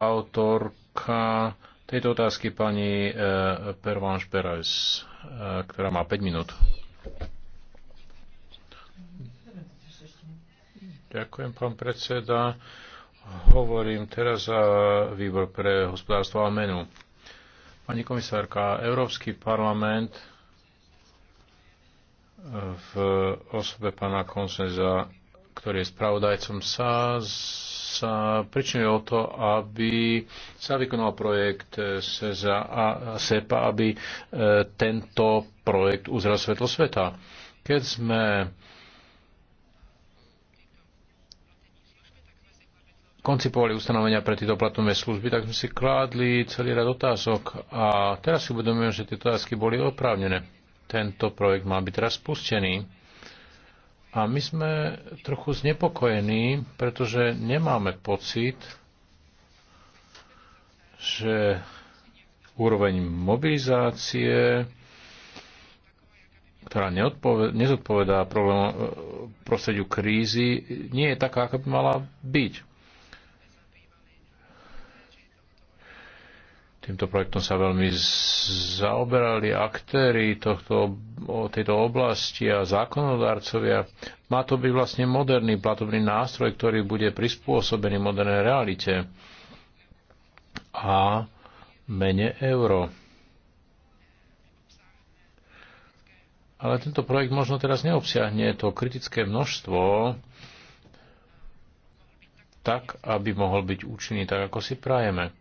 autorka tejto otázky pani eh, Pervanš Perez, eh, ktorá má 5 minút. Ďakujem, pán predseda. Hovorím teraz za výbor pre hospodárstvo a menu. Pani komisárka, Európsky parlament eh, v osobe pána Konsenza, ktorý je spravodajcom, sa z sa pričinili o to, aby sa vykonal projekt SESA a SEPA, aby e, tento projekt uzral svetlo sveta. Keď sme koncipovali ustanovenia pre tieto platové služby, tak sme si kládli celý rad otázok a teraz si uvedomujem, že tieto otázky boli oprávnené. Tento projekt má byť teraz spustený a my sme trochu znepokojení, pretože nemáme pocit, že úroveň mobilizácie, ktorá nezodpovedá eh, prostrediu krízy, nie je taká, ako by mala byť. Týmto projektom sa veľmi zaoberali aktéry tohto, tejto oblasti a zákonodárcovia. Má to byť vlastne moderný platobný nástroj, ktorý bude prispôsobený modernej realite a mene euro. Ale tento projekt možno teraz neobsiahne to kritické množstvo tak, aby mohol byť účinný tak, ako si prajeme.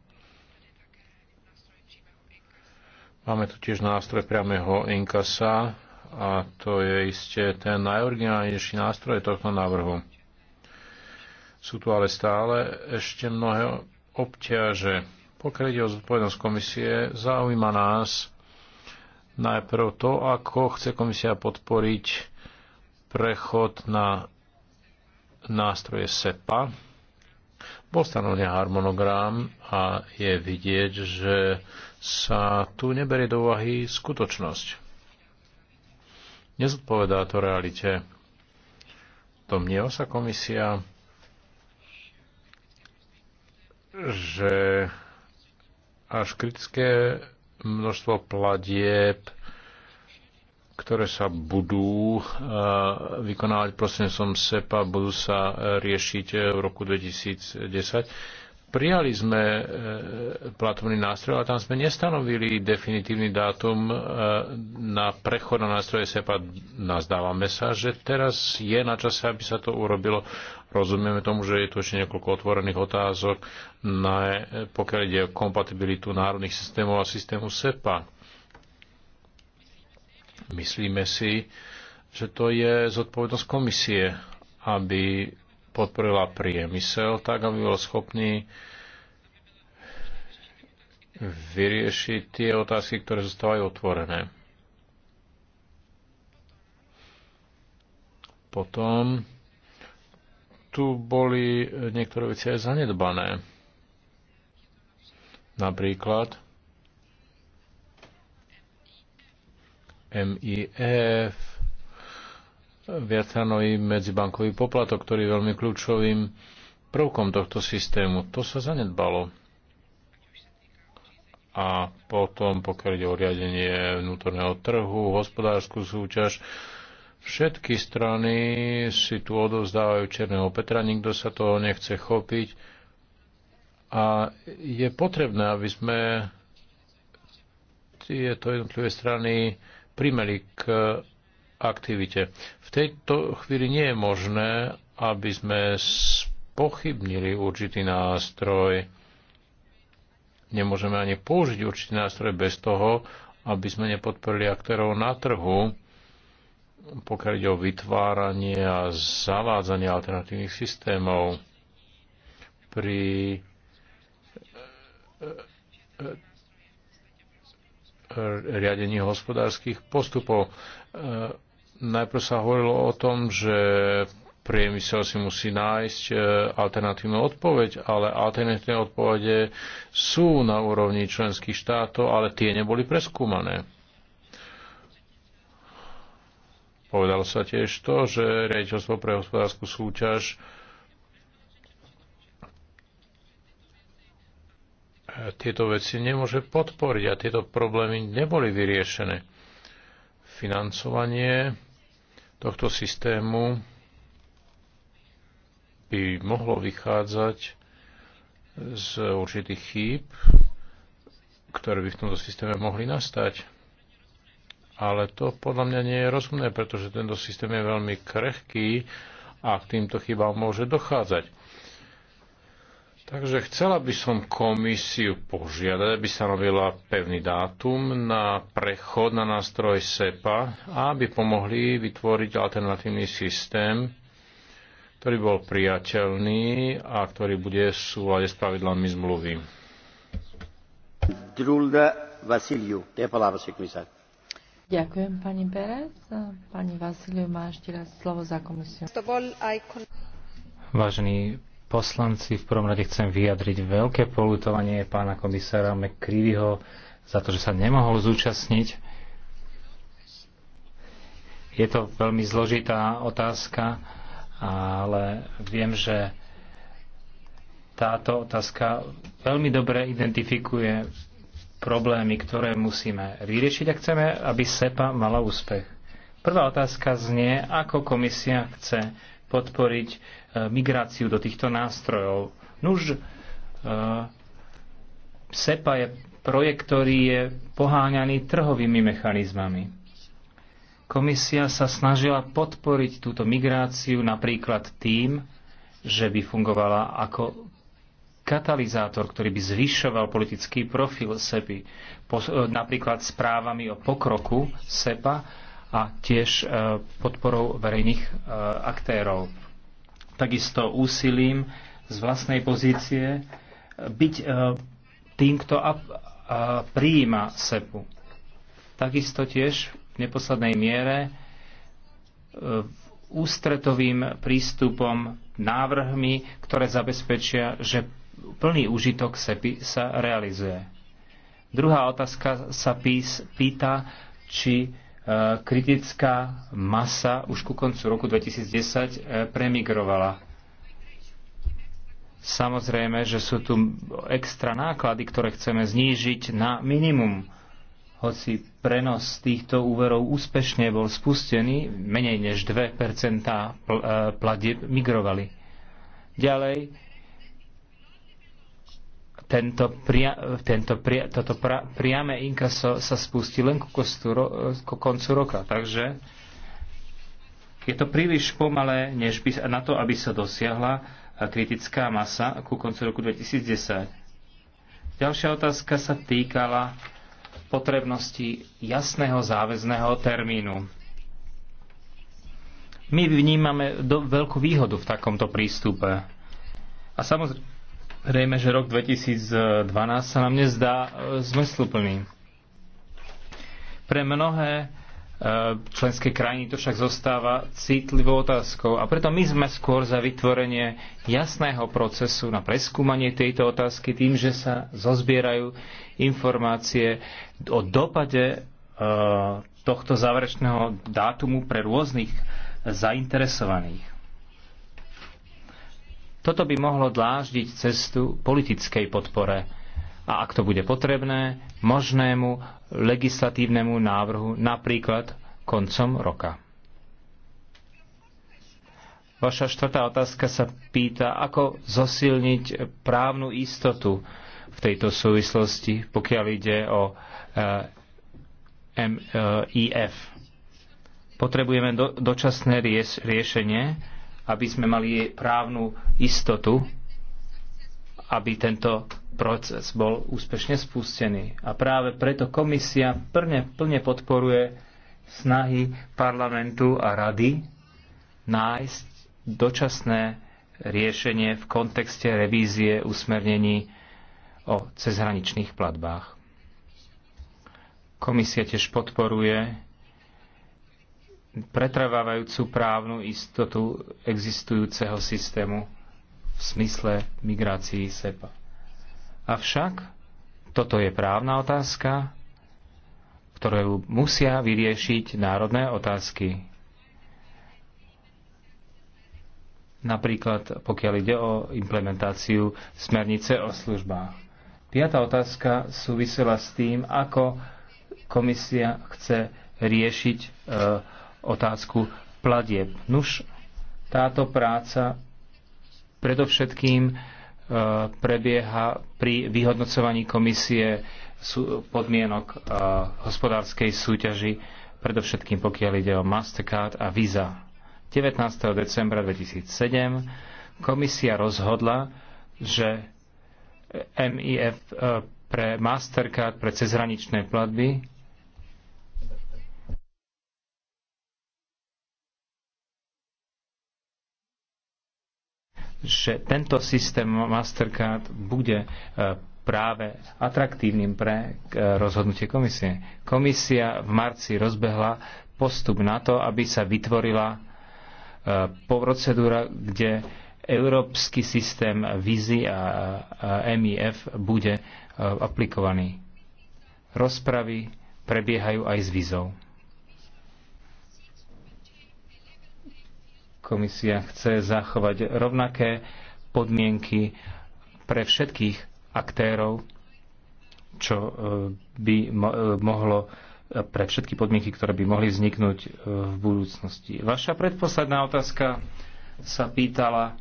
Máme tu tiež nástroj priamého inkasa a to je iste ten najoriginálnejší nástroj tohto návrhu. Sú tu ale stále ešte mnohé obťaže. Pokiaľ ide o zodpovednosť komisie, zaujíma nás najprv to, ako chce komisia podporiť prechod na nástroje SEPA, bol stanovený harmonogram a je vidieť, že sa tu neberie do úvahy skutočnosť. Nezodpovedá to realite. Domnieva sa komisia, že až kritické množstvo platieb ktoré sa budú eh, vykonávať prostredníctvom SEPA, budú sa eh, riešiť eh, v roku 2010. Prijali sme platobný nástroj, ale tam sme nestanovili definitívny dátum na prechod na nástroje SEPA. Nazdávame sa, že teraz je na čase, aby sa to urobilo. Rozumieme tomu, že je tu ešte niekoľko otvorených otázok, na, pokiaľ ide o kompatibilitu národných systémov a systému SEPA Myslíme si, že to je zodpovednosť komisie, aby podporila priemysel tak, aby bol schopný vyriešiť tie otázky, ktoré zostávajú otvorené. Potom tu boli niektoré veci aj zanedbané. Napríklad MIF, e viacranový medzibankový poplatok, ktorý je veľmi kľúčovým prvkom tohto systému. To sa zanedbalo. A potom, pokiaľ ide o riadenie vnútorného trhu, hospodárskú súťaž, všetky strany si tu odovzdávajú černého Petra, nikto sa toho nechce chopiť. A je potrebné, aby sme tieto jednotlivé strany primeli k aktivite. V tejto chvíli nie je možné, aby sme spochybnili určitý nástroj. Nemôžeme ani použiť určitý nástroj bez toho, aby sme nepodporili aktérov na trhu, pokiaľ ide o vytváranie a zavádzanie alternatívnych systémov pri riadení hospodárskych postupov. E, najprv sa hovorilo o tom, že priemysel si musí nájsť e, alternatívnu odpoveď, ale alternatívne odpovede sú na úrovni členských štátov, ale tie neboli preskúmané. Povedalo sa tiež to, že riaditeľstvo pre hospodárskú súťaž tieto veci nemôže podporiť a tieto problémy neboli vyriešené. Financovanie tohto systému by mohlo vychádzať z určitých chýb, ktoré by v tomto systéme mohli nastať. Ale to podľa mňa nie je rozumné, pretože tento systém je veľmi krehký a k týmto chybám môže dochádzať Takže chcela by som komisiu požiadať, aby sa robila pevný dátum na prechod na nástroj SEPA a aby pomohli vytvoriť alternatívny systém, ktorý bol priateľný a ktorý bude v súlade s pravidlami zmluvy. Ďakujem, pani Pérez. Pani Vasiliu má ešte raz slovo za komisiu. Vážený poslanci, v prvom rade chcem vyjadriť veľké polutovanie pána komisára McCreevyho za to, že sa nemohol zúčastniť. Je to veľmi zložitá otázka, ale viem, že táto otázka veľmi dobre identifikuje problémy, ktoré musíme vyriešiť a chceme, aby SEPA mala úspech. Prvá otázka znie, ako komisia chce podporiť e, migráciu do týchto nástrojov. Nuž, e, SEPA je projekt, ktorý je poháňaný trhovými mechanizmami. Komisia sa snažila podporiť túto migráciu napríklad tým, že by fungovala ako katalizátor, ktorý by zvyšoval politický profil SEPI, e, napríklad správami o pokroku SEPA, a tiež e, podporou verejných e, aktérov. Takisto úsilím z vlastnej pozície e, byť tým, kto prijíma SEPu. Takisto tiež v neposlednej miere ústretovým prístupom, návrhmi, ktoré zabezpečia, že plný užitok SEPy sa realizuje. Druhá otázka sa pýta, či kritická masa už ku koncu roku 2010 eh, premigrovala. Samozrejme, že sú tu extra náklady, ktoré chceme znížiť na minimum. Hoci prenos týchto úverov úspešne bol spustený, menej než 2 eh, platieb migrovali. Ďalej, tento, pria, tento pria, toto pra, priame inkaso sa spustí len ku, kostu, ku koncu roka. Takže je to príliš pomalé než by, na to, aby sa dosiahla kritická masa ku koncu roku 2010. Ďalšia otázka sa týkala potrebnosti jasného záväzného termínu. My vnímame do, veľkú výhodu v takomto prístupe. A samozrejme, Rejme, že rok 2012 sa nám nezdá e, zmysluplný. Pre mnohé e, členské krajiny to však zostáva citlivou otázkou a preto my sme skôr za vytvorenie jasného procesu na preskúmanie tejto otázky tým, že sa zozbierajú informácie o dopade e, tohto záverečného dátumu pre rôznych zainteresovaných. Toto by mohlo dláždiť cestu politickej podpore a ak to bude potrebné, možnému legislatívnemu návrhu napríklad koncom roka. Vaša štvrtá otázka sa pýta, ako zosilniť právnu istotu v tejto súvislosti, pokiaľ ide o eh, MIF. Eh, Potrebujeme do, dočasné rieš, riešenie, aby sme mali právnu istotu, aby tento proces bol úspešne spustený. A práve preto komisia plne, plne podporuje snahy parlamentu a rady nájsť dočasné riešenie v kontexte revízie usmernení o cezhraničných platbách. Komisia tiež podporuje pretrvávajúcu právnu istotu existujúceho systému v smysle migrácií SEPA. Avšak toto je právna otázka, ktorú musia vyriešiť národné otázky. Napríklad pokiaľ ide o implementáciu smernice o službách. Piatá otázka súvisela s tým, ako komisia chce riešiť e, otázku platieb. Nuž, táto práca predovšetkým e, prebieha pri vyhodnocovaní komisie podmienok e, hospodárskej súťaži, predovšetkým pokiaľ ide o Mastercard a Visa. 19. decembra 2007 komisia rozhodla, že MIF e, pre Mastercard pre cezhraničné platby že tento systém Mastercard bude e, práve atraktívnym pre e, rozhodnutie komisie. Komisia v marci rozbehla postup na to, aby sa vytvorila e, procedúra, kde európsky systém VIZI a MIF bude aplikovaný. Rozpravy prebiehajú aj s vízou. Komisia chce zachovať rovnaké podmienky pre všetkých aktérov, čo e, by e, mohlo e, pre všetky podmienky, ktoré by mohli vzniknúť v budúcnosti. Vaša predposledná otázka sa pýtala,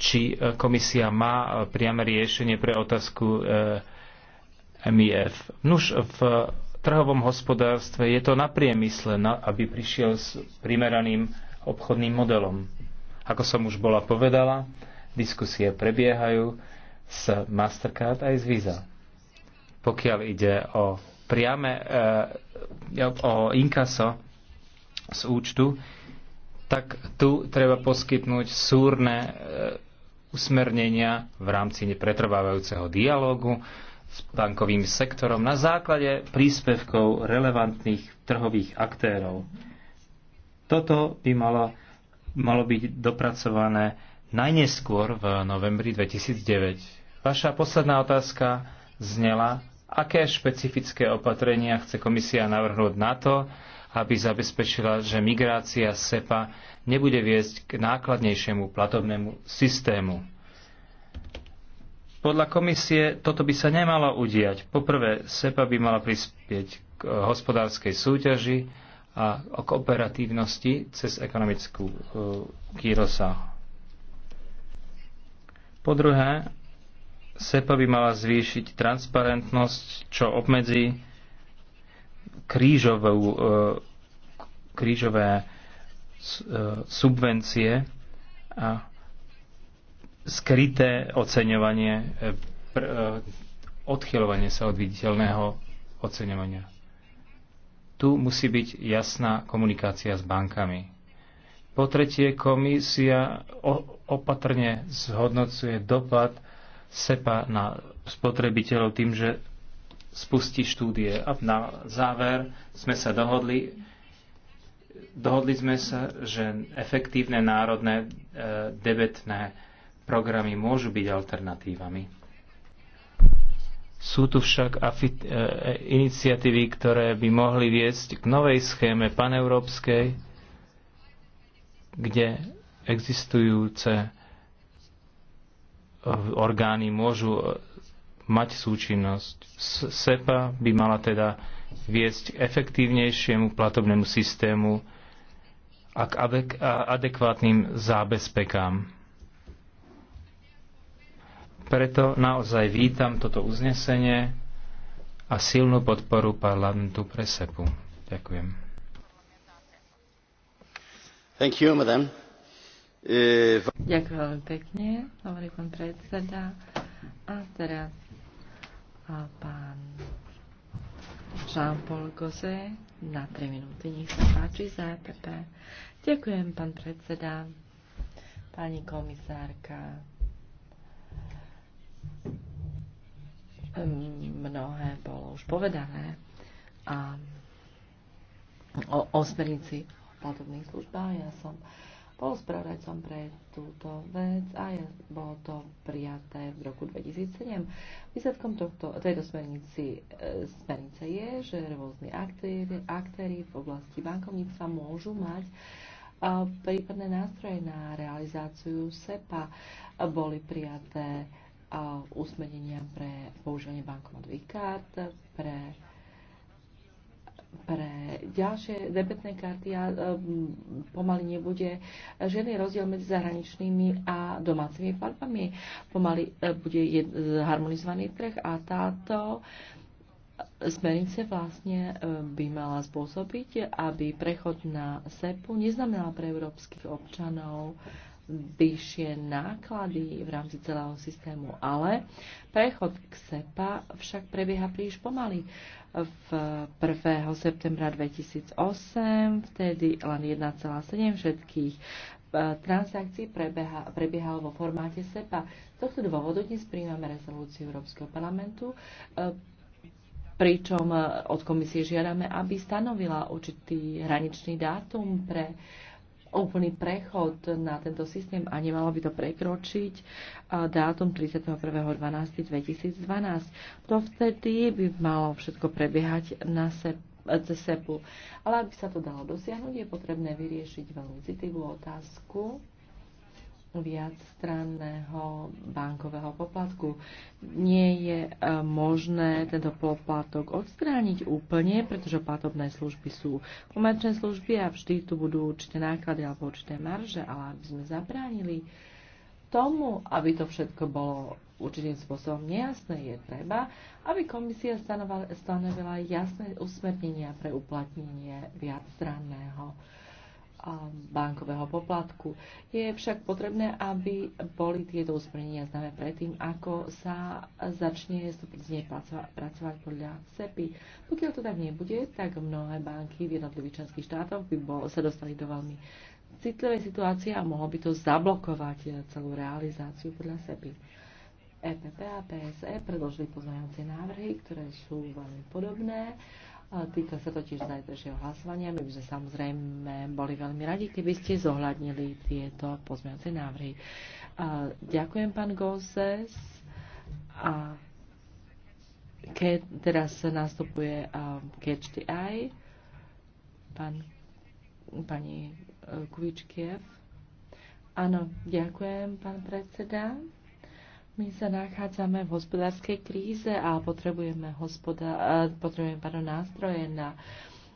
či komisia má priame riešenie pre otázku MIF. Nuž v trhovom hospodárstve je to na priemysle, aby prišiel s primeraným obchodným modelom. Ako som už bola povedala, diskusie prebiehajú s Mastercard aj z Visa. Pokiaľ ide o priame e, o inkaso z účtu, tak tu treba poskytnúť súrne e, usmernenia v rámci pretrvávajúceho dialógu s bankovým sektorom na základe príspevkov relevantných trhových aktérov. Toto by malo, malo byť dopracované najneskôr v novembri 2009. Vaša posledná otázka znela, aké špecifické opatrenia chce komisia navrhnúť na to, aby zabezpečila, že migrácia SEPA nebude viesť k nákladnejšiemu platobnému systému. Podľa komisie toto by sa nemalo udiať. Poprvé, SEPA by mala prispieť k hospodárskej súťaži, a o kooperatívnosti cez ekonomickú e, kýrosa. Po druhé, SEPA by mala zvýšiť transparentnosť, čo obmedzí krížovú, e, krížové e, subvencie a skryté oceňovanie, odchylovanie sa od viditeľného oceňovania. Tu musí byť jasná komunikácia s bankami. Po tretie, komisia opatrne zhodnocuje dopad SEPA na spotrebiteľov tým, že spustí štúdie. A na záver sme sa dohodli, dohodli sme sa, že efektívne národné e, debetné programy môžu byť alternatívami. Sú tu však e, e, iniciatívy, ktoré by mohli viesť k novej schéme paneurópskej, kde existujúce orgány môžu mať súčinnosť. SEPA by mala teda viesť k efektívnejšiemu platobnému systému a k adekvátnym zábezpekám. Preto naozaj vítam toto uznesenie a silnú podporu parlamentu pre SEPu. Ďakujem. Thank you, madam. Eh, Ďakujem veľmi pekne, hovorí pán predseda. A teraz a pán Jean-Paul Gose na 3 minúty. Nech sa páči za EPP. Ďakujem, pán predseda, pani komisárka, Mnohé bolo už povedané a o, o smernici platobných službách. Ja som bol spravodajcom pre túto vec a je, bolo to prijaté v roku 2007. Výsledkom tohto, tejto smernici, e, smernice je, že rôzni aktéry, aktéry v oblasti bankovníctva môžu mať a e, prípadné nástroje na realizáciu SEPA boli prijaté usmernenia pre používanie bankomatových kart, pre, pre ďalšie debetné karty a e, pomaly nebude žiadny rozdiel medzi zahraničnými a domácimi platbami. Pomaly e, bude harmonizovaný trh a táto smernice vlastne e, by mala spôsobiť, aby prechod na SEPu neznamenal pre európskych občanov uh, vyššie náklady v rámci celého systému, ale prechod k SEPA však prebieha príliš pomaly. V 1. septembra 2008 vtedy len 1,7 všetkých e, transakcií prebieha, prebiehalo vo formáte SEPA. Z tohto dôvodu dnes príjmame rezolúciu Európskeho parlamentu, e, pričom e, od komisie žiadame, aby stanovila určitý hraničný dátum pre uh, úplný prechod na tento systém a nemalo by to prekročiť dátum 31.12.2012. Vtedy by malo všetko prebiehať na SEP cez SEPu. Ale aby sa to dalo dosiahnuť, je potrebné vyriešiť veľmi citlivú otázku viacstranného bankového poplatku. Nie je e, možné tento poplatok odstrániť úplne, pretože platobné služby sú komerčné služby a vždy tu budú určité náklady alebo určité marže, ale aby sme zabránili tomu, aby to všetko bolo určitým spôsobom nejasné, je treba, aby komisia stanovila jasné usmernenia pre uplatnenie viacstranného bankového poplatku. Je však potrebné, aby boli tieto usmernenia známe predtým, ako sa začne stupne pracovať podľa SEPI. Pokiaľ to tak nebude, tak mnohé banky v jednotlivých členských štátoch by bol, sa dostali do veľmi citlivej situácie a mohlo by to zablokovať celú realizáciu podľa SEPI. EPP a PSE predložili pozmeňovacie návrhy, ktoré sú veľmi podobné. Uh, Týka sa totiž zajtrajšieho hlasovania. My by sme samozrejme boli veľmi radi, keby ste zohľadnili tieto pozmeňujúce návrhy. Ďakujem, pán Gozes. A keď teraz nastupuje Catch the Eye, pán, pani e, Kuvičkiev. Áno, ďakujem, pán predseda. My sa nachádzame v hospodárskej kríze a potrebujeme, hospodá, potrebujeme pardon, nástroje na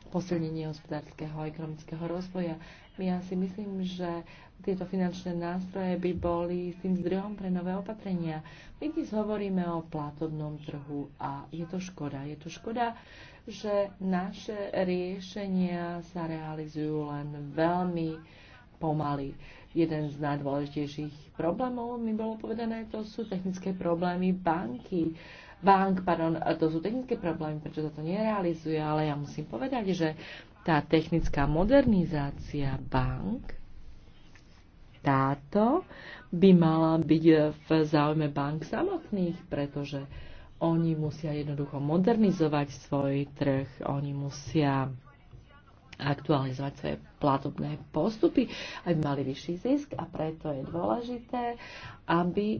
posilnenie hospodárskeho a ekonomického rozvoja. Ja si myslím, že tieto finančné nástroje by boli s tým zdrojom pre nové opatrenia. My dnes hovoríme o platobnom trhu a je to škoda. Je to škoda, že naše riešenia sa realizujú len veľmi pomaly Jeden z najdôležitejších problémov, mi bolo povedané, to sú technické problémy banky. Bank, pardon, to sú technické problémy, prečo sa to nerealizuje, ale ja musím povedať, že tá technická modernizácia bank, táto by mala byť v záujme bank samotných, pretože oni musia jednoducho modernizovať svoj trh, oni musia aktualizovať svoje platobné postupy, aby mali vyšší zisk a preto je dôležité, aby e,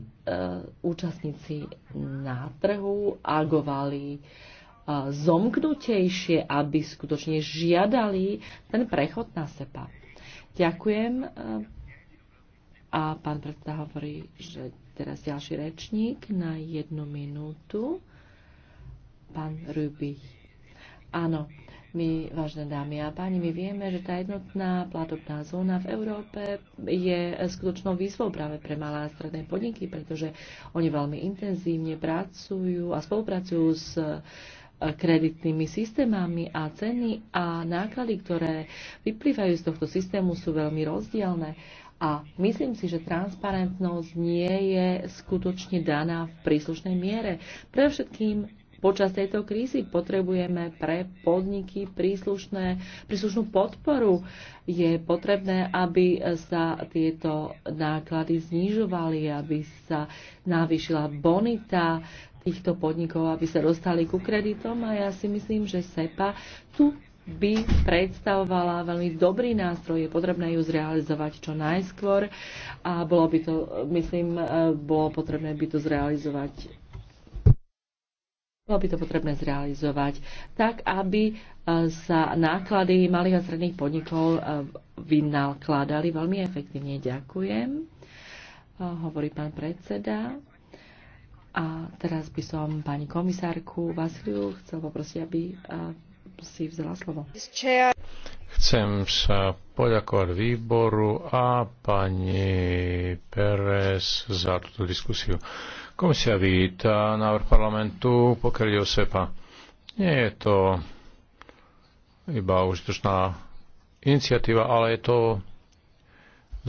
účastníci na trhu agovali e, zomknutejšie, aby skutočne žiadali ten prechod na SEPA. Ďakujem. E, a pán predseda hovorí, že teraz ďalší rečník na jednu minútu. Pán Rubich. Áno, my, vážne dámy a páni, my vieme, že tá jednotná platobná zóna v Európe je skutočnou výzvou práve pre malé a stredné podniky, pretože oni veľmi intenzívne pracujú a spolupracujú s e, kreditnými systémami a ceny a náklady, ktoré vyplývajú z tohto systému, sú veľmi rozdielne. A myslím si, že transparentnosť nie je skutočne daná v príslušnej miere. Pre všetkým Počas tejto krízy potrebujeme pre podniky príslušné, príslušnú podporu. Je potrebné, aby sa tieto náklady znižovali, aby sa navýšila bonita týchto podnikov, aby sa dostali ku kreditom a ja si myslím, že SEPA tu by predstavovala veľmi dobrý nástroj, je potrebné ju zrealizovať čo najskôr a bolo by to, myslím, e, bolo potrebné by to zrealizovať bolo by to potrebné zrealizovať tak, aby e, sa náklady malých a stredných podnikov e, vynakladali veľmi efektívne. Ďakujem, e, hovorí pán predseda. A teraz by som pani komisárku Vasiliu chcel poprosiť, aby si vzala slovo. Chcem sa poďakovať výboru a pani Pérez za túto diskusiu. Komisia víta návrh parlamentu, pokiaľ ide o SEPA. Nie je to iba užitočná iniciatíva, ale je to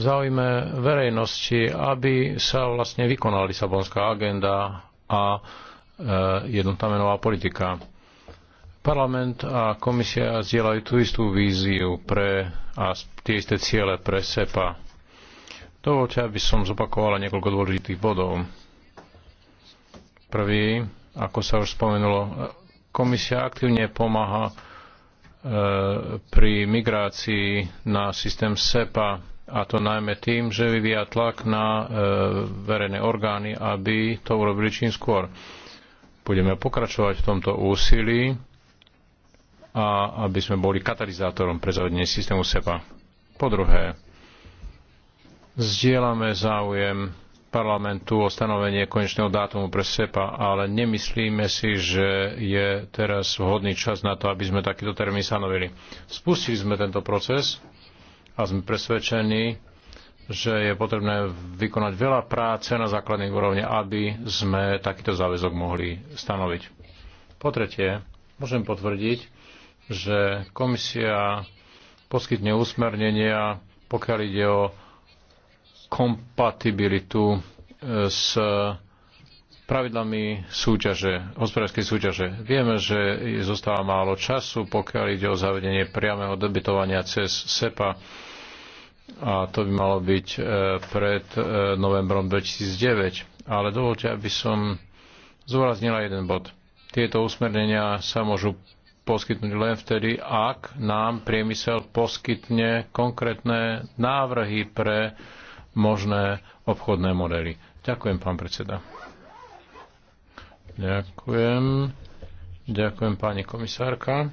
v záujme verejnosti, aby sa vlastne vykonala Lisabonská agenda a e, jednotná menová politika. Parlament a komisia zdieľajú tú istú víziu pre a tie isté ciele pre SEPA. Dovolte, aby som zopakovala niekoľko dôležitých bodov Prvý, ako sa už spomenulo, komisia aktívne pomáha e, pri migrácii na systém SEPA a to najmä tým, že vyvíja tlak na e, verejné orgány, aby to urobili čím skôr. Budeme pokračovať v tomto úsilí a aby sme boli katalizátorom pre zavedenie systému SEPA. Po druhé, zdieľame záujem parlamentu o stanovenie konečného dátumu pre SEPA, ale nemyslíme si, že je teraz vhodný čas na to, aby sme takýto termín stanovili. Spustili sme tento proces a sme presvedčení, že je potrebné vykonať veľa práce na základných úrovni, aby sme takýto záväzok mohli stanoviť. Po tretie, môžem potvrdiť, že komisia poskytne usmernenia, pokiaľ ide o kompatibilitu e, s pravidlami súťaže, hospodárskej súťaže. Vieme, že zostáva málo času, pokiaľ ide o zavedenie priameho debitovania cez SEPA a to by malo byť e, pred e, novembrom 2009. Ale dovolte, aby som zúraznila jeden bod. Tieto usmernenia sa môžu poskytnúť len vtedy, ak nám priemysel poskytne konkrétne návrhy pre možné obchodné modely. Ďakujem, pán predseda. Ďakujem. Ďakujem, pani komisárka.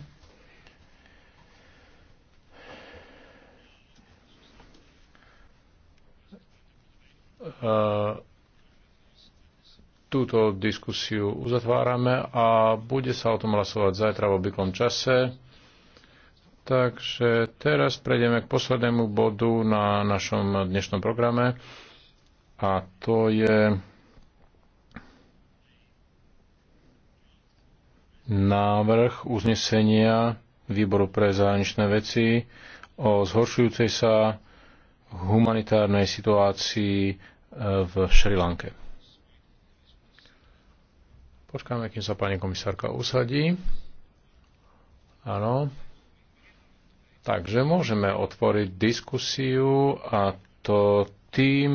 Túto diskusiu uzatvárame a bude sa o tom hlasovať zajtra v obvyklom čase. Takže teraz prejdeme k poslednému bodu na našom dnešnom programe a to je návrh uznesenia Výboru pre zahraničné veci o zhoršujúcej sa humanitárnej situácii e, v Šrilanke. Počkáme, kým sa pani komisárka usadí. Áno, Takže môžeme otvoriť diskusiu a to tým,